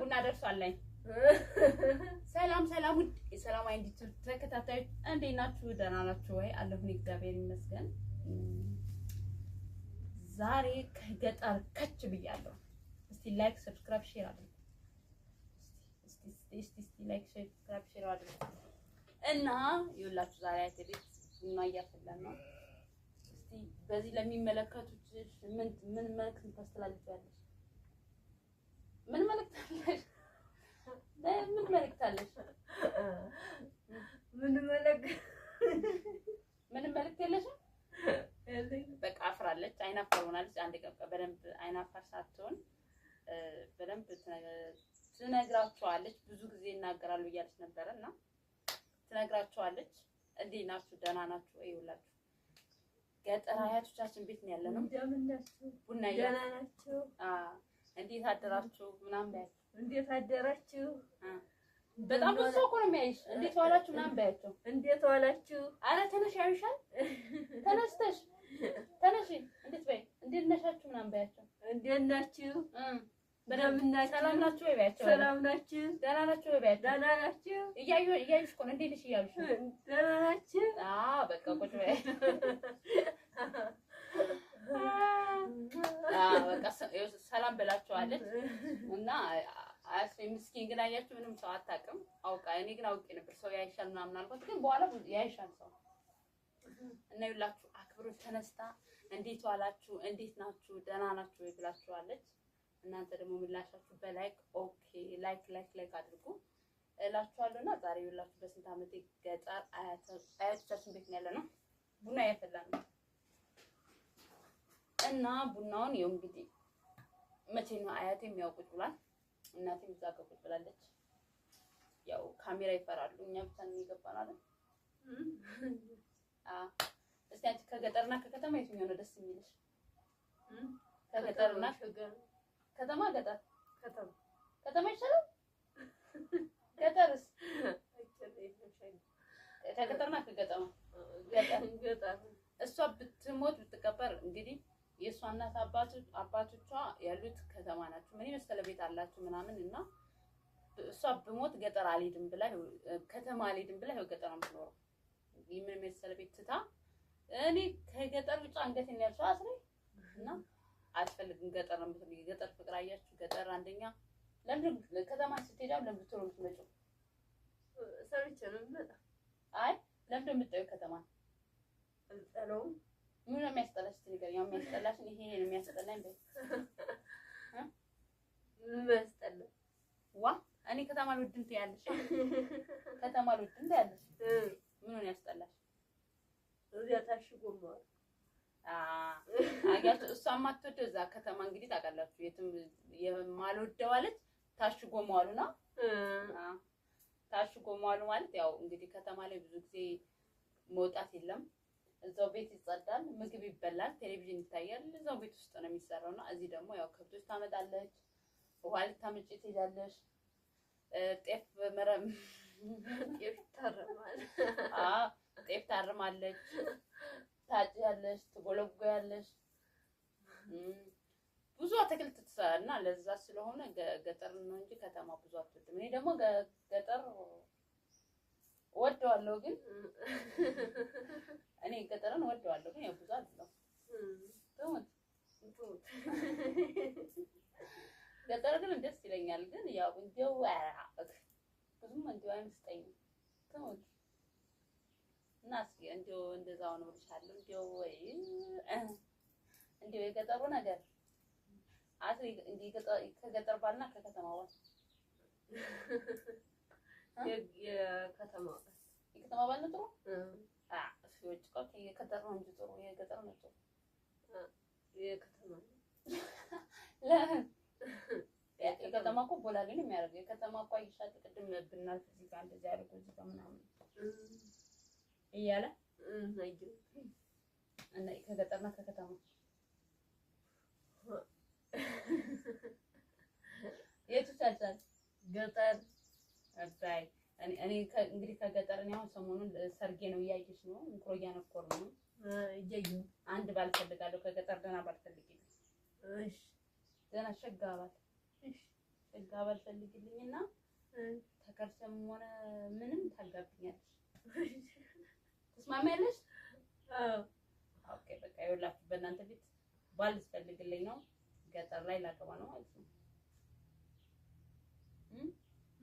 ቡና ደርሷለኝ። ሰላም ሰላም፣ ውድ የሰላም አይን ተከታታዮች እንዴት ናችሁ? ደህና ናችሁ ወይ? አለሁን እግዚአብሔር ይመስገን። ዛሬ ከገጠር ከች ብያለሁ። እስቲ ላይክ፣ ሰብስክራይብ፣ ሼር አድርጉ። እና ይኸውላችሁ ዛሬ ቡና እያፈላን ነው እስቲ በዚህ ለሚመለከቱት ምን ምን መልዕክት ታስተላልፊያለሽ? ምን መልዕክት አለሽ? ምን መልዕክት አለሽ? ምን መልዕክት ምን መልዕክት የለሽም? በቃ አፍራለች፣ አይናፋር ሆናለች። አንድ ቀን በደንብ አይናፋር ሳትሆን በደንብ ትነግራቸዋለች። ብዙ ጊዜ እናገራለሁ እያለች ነበረ እና ትነግራቸዋለች። እንዴ ናችሁ? ደህና ናችሁ? ይኸውላችሁ ገጠር አያቶቻችን ቤት ነው ያለነው። ቡና እያላችሁ እንዴት አደራችሁ ምናምን በያቸው። እንዴት አደራችሁ በጣም ብዙ ሰው እኮ ነው የሚያይሽ። እንዴት ዋላችሁ ምናምን በያቸው። እንዴት ዋላችሁ አረ ተነሽ ያዩሻል። ተነስተሽ ተነሽ እንዴት በይ እንዴት ነሻችሁ ምናምን በያቸው። እንዴት ናችሁ በደምና ሰላም ናችሁ ወይ በያቸው። ሰላም ናችሁ ደህና ናችሁ ወይ በያቸው። ደህና ናችሁ እያዩ እያዩሽ እኮ ነው እንዴት ነሽ እያሉሽ። ደህና ናችሁ አዎ በቃ ቁጭ በይ ትላቸዋለች እና አያስፈኝ ምስኪን ግን አያችሁ ምንም ሰው አታውቅም። አውቃ እኔ ግን አውቄ ነበር ሰው ያይሻል ምናምን አልኳት። ግን በኋላ ያይሻል ሰው እና ይላችሁ አክብሮ ተነስታ እንዴት ዋላችሁ፣ እንዴት ናችሁ፣ ደህና ናችሁ ወይ ብላችኋለች። እናንተ ደግሞ ምላሻችሁ በላይክ ኦኬ፣ ላይክ ላይክ ላይክ አድርጉ እላችኋለሁ። እና ዛሬ ይላችሁ በስንት ዓመቴ ገጠር አያቶቻችን ቤት ነው ያለ ነው ቡና እያፈላን ነው እና ቡናውን ይኸው እንግዲህ መቼ ነው አያቴ የሚያውቁት ብሏል። እናቴም እዛ ጋር ቁጭ ብላለች። ያው ካሜራ ይፈራሉ። እኛ ብቻ ነው የገባነው አይደል? አዎ። እስቲ አንቺ ከገጠርና ከከተማ የትኛው ነው ደስ የሚልሽ? ከገጠርና ከተማ ገጠር ከተማ ከተማ ይሻላል። ገጠርስ ከገጠርና ከገጠማ ገጠር እሷ ብትሞት ብትቀበር እንግዲህ የእሷ እናት አባቶቿ ያሉት ከተማ ናቸው። ምን የመሰለ ቤት አላችሁ ምናምን እና እሷ ብሞት ገጠር አልሄድም ብላ ከተማ አልሄድም ብላ ይኸው ገጠር የምትኖረው ምን የመሰለ ቤት ትታ እኔ ከገጠር ብቻ አንገት የሚያልሰው አስሬ እና አያስፈልግም ገጠር ነው ምትል የገጠር ፍቅር አያችሁ። ገጠር አንደኛ ለምንድን ከተማ ስትሄዳ ለምንድን ነው የምትመጪው? ሰው ይችላል። አይ ለምንድን ነው የምትጠይው ከተማ ነው ምን የሚያስጠላሽ ነገር ያው የሚያስጠላሽ ይሄ ነው የሚያስጠላኝ። ዋ እኔ ከተማ አልወድም ትያለሽ፣ ከተማ አልወድም ትያለሽ። ምን ነው ያስጠላሽ? እዚያ ታሽጎ ነው አያችሁ። እሷ እዛ ከተማ እንግዲህ ታውቃላችሁ፣ የትም የማልወደው አለች። ታሽጎ መዋሉ ነው። ታሽጎ መዋሉ ማለት ያው እንግዲህ ከተማ ላይ ብዙ ጊዜ መውጣት የለም እዛው ቤት ይጸዳል፣ ምግብ ይበላል፣ ቴሌቪዥን ይታያል። እዛው ቤት ውስጥ ነው የሚሰራው እና እዚህ ደግሞ ያው ከብቶች ታመጣለች፣ ውሃ ልታመጪ ትሄዳለሽ፣ ጤፍ መረም ጤፍ ታርማለች፣ ታጭያለሽ፣ ትጎለጎያለች ብዙ አትክልት ትሰራል እና ለዛ ስለሆነ ገጠር ነው እንጂ ከተማ ብዙ አትወድም። እኔ ደግሞ ገጠር ወደዋለሁ ግን እኔ ገጠርን ወደዋለሁ ግን ያው ብዙ አይደለም። ገጠር ግን ደስ ይለኛል። ግን ያው እንደው ብዙም እንደው አይመስጠኝም። እና እስኪ እንደው እንደዚያው ነው እልሻለሁ። እንደው ወይ እንደው የገጠሩ ነገር ከገጠር ባልና ከከተማ የከተማ የከተማ ባል ነው ጥሩ። የውጭ እቃ የገጠር ነው እንጂ ጥሩ የገጠር ነው ጥሩ። የከተማ የከተማ እኮ ቦላሌ ነው የሚያደርገው። የከተማ እኮ አይሻት ቅድም እዚህ ጋር እንደዚህ አድርጎ እዚህ ጋር ምናምን እያለ እና ከገጠርና ከከተማ የቱ ገጠር አባይ እኔ እንግዲህ ከገጠር ነው። አሁን ሰሞኑን ሰርጌ ነው እያየሽ ነው። እንኩሮ እያነኮር ነው እያየሁ አንድ ባል ፈልጋለሁ ከገጠር ደህና ባል ፈልግልኝ። እሺ ደህና ሸጋ ባል እሺ ሸጋ ባል ፈልግልኝና ተከርሰም ሆነ ምንም ታጋብኛለሽ። ትስማሚያለሽ? አዎ ኦኬ። በቃ ይኸውላችሁ በእናንተ ፊት ባል ልትፈልግልኝ ነው። ገጠር ላይ ላገባ ነው ማለት ነው።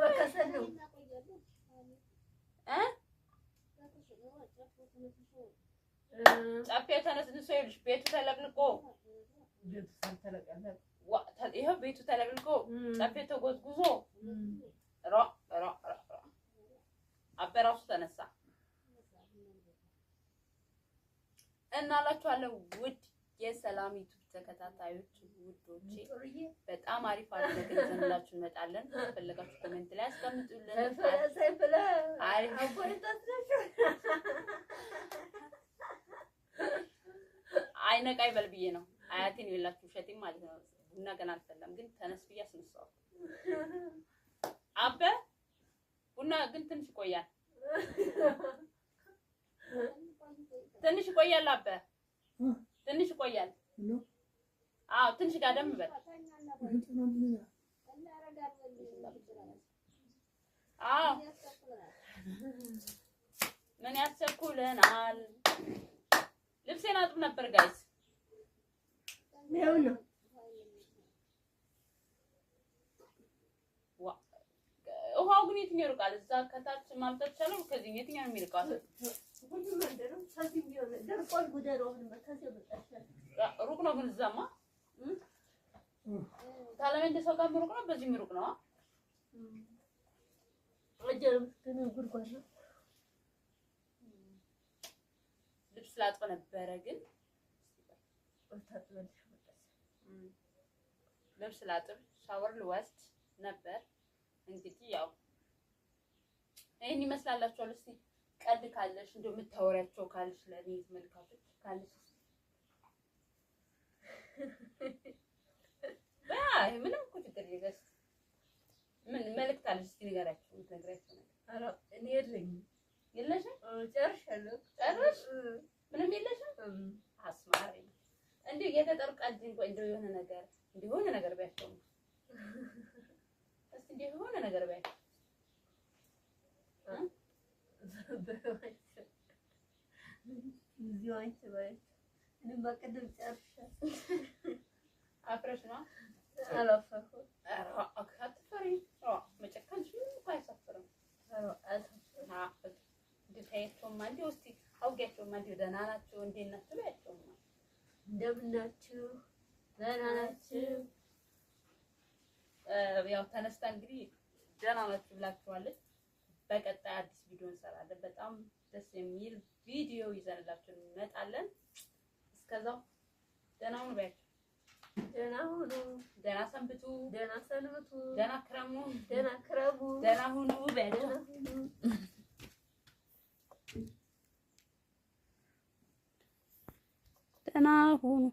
በከሰል ነው ጨፌ ተነስንሶ ይኸውልሽ ቤቱ ተለቅልቆ ይኸው ቤቱ ተለቅልቆ ጨፌ ተጎዝጉዞ አቤ ተነሳ እና እላችኋለሁ ውድ የሰላም ተከታታዮች ውዶቼ በጣም አሪፍ አድርገን ይዘንላችሁ እንመጣለን። ፈለጋችሁ ኮሜንት ላይ አስቀምጡልን። አይነቃ ይበል ብዬ ነው። አያቴን የላችሁ ውሸቴን ማለት ነው። ቡና ገና አልፈላም፣ ግን ተነስ ብዬ አስነሳው። አበ ቡና ግን ትንሽ ይቆያል፣ ትንሽ ይቆያል፣ አበ ትንሽ ይቆያል። አዎ ትንሽ ጋደም በል። አዎ ምን ያስቸኩልናል? ልብሴን አጥብ ነበር ጋይስ ውሃው ግን የትኛው ይርቃል? እዛ ከታች ማምጣት ይቻላል። ከዚህ የትኛው ነው ሩቅ ነው ግን እዛማ ካለመንደሰው ጋር ምሩቅ ነው። በዚህ ምሩቅ ነው። ጉድጓድ ነው። ልብስ ላጥብ ነበረ ግን ልብስ ላጥብ ሻወር ልወስድ ነበር። እንግዲህ ያው ይህን ይመስላላችኋል። እስኪ ቀልድ ካለሽ እንደው የምታወሪያቸው ካለሽ ለእኔ መልካቶች ካለሽ ምንም እኮ ችግር የለም። ምን መልዕክት አለሽ? እስኪ ንገሪያቸው። የምትነግሪያቸው ነገር እኔ የለኝም። የለሽም? ጨርሻለሁ። ጨርሽ? ምንም የለሽም? አስማሪ እንዲሁ የተጠሩ ቃል ቆይ፣ እንደው የሆነ ነገር እንዲሁ የሆነ ነገር ቢያቸው እስኪ እንዲሁ የሆነ ነገር ቢያቸው እዚሁ አንቺ በያቸው። እኔማ ቅድም ጨርሻለሁ። አፍረሽ ነው እንደምናችሁ ደህና ናችሁ? ያው ተነስታ እንግዲህ ደህና ናችሁ ብላችኋለች። በቀጣይ አዲስ ቪዲዮ እንሰራለን። በጣም ደስ የሚል ቪዲዮ ይዘንላችሁ እንመጣለን። እስከዛው ደህና ሁኑ ባያችሁ። ደህና ሁኑ፣ ደህና ሰንብቱ፣ ደህና ሰንብቱ፣ ደህና ክረሙ፣ ደህና ክረሙ፣ ደህና ሁኑ በያቸው። ደህና ሁኑ ደህና ሁኑ